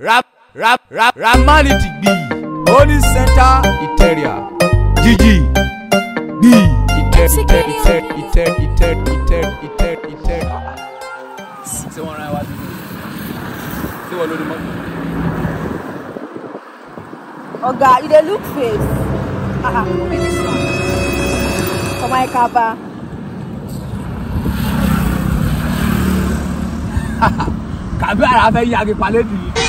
rap rap rap ramality gbi holy center iteria jiji gbi iter iter iter iter iter iter iter iter. ṣé wọ́n ra ẹ wá sí i ṣé wọ́n lórí mọ́tò. oga you dey look face for my kaba. kàbí ara fẹ́ yí agipa létí yìí.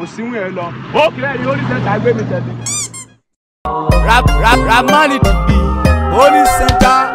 òsínwó ẹ lọ ó kílẹ̀ yìí ó ní sẹ́ńtà gbé mi tẹ̀lé. ramani dìbì ó ní sẹ́ńtà.